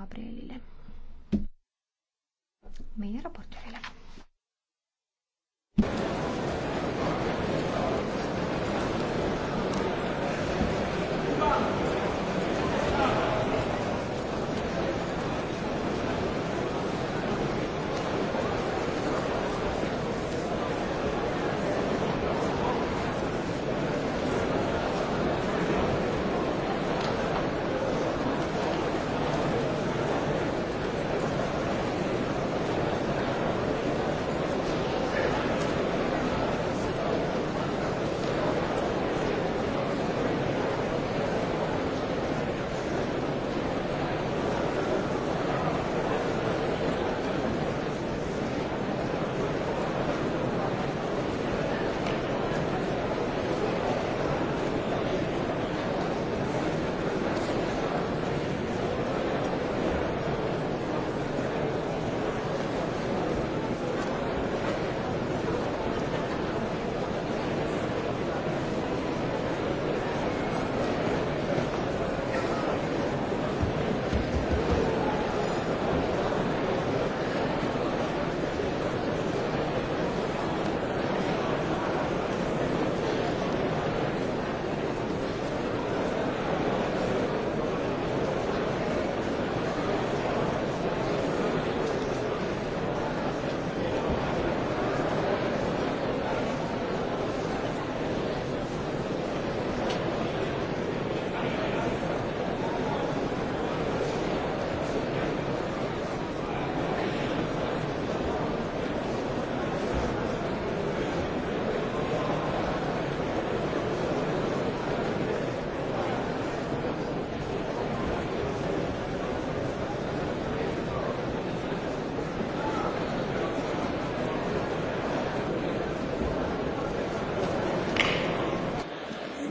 Gabrielile, meie raportöörile.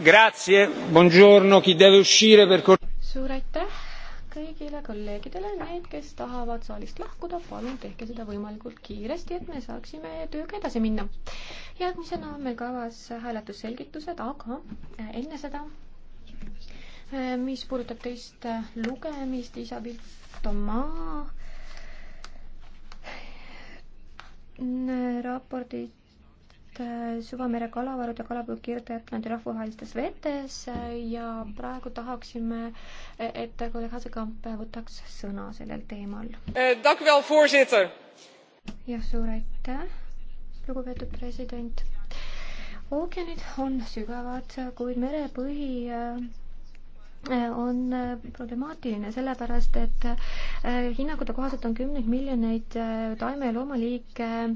grazie, buongiorno, chi deve uscire per suur aitäh kõigile kolleegidele, need, kes tahavad saalist lahkuda, palun tehke seda võimalikult kiiresti, et me saaksime tööga edasi minna. järgmisena on meil kavas hääletusselgitused, aga äh, enne seda, äh, mis puudutab teist äh, lugemist, Isabel Tomaa raportit et äh, süvamere kalavarude kalapüük Kirde-Atlandi rahvusvahelistes vetes äh, ja praegu tahaksime, e, et kolleeg Asekamp võtaks sõna sellel teemal. Äh, jah, suur aitäh, lugupeetud president. ookeanid on sügavad, kuid merepõhi on problemaatiline, sellepärast et hinnangute kohaselt on kümneid miljoneid taime- ja loomaliike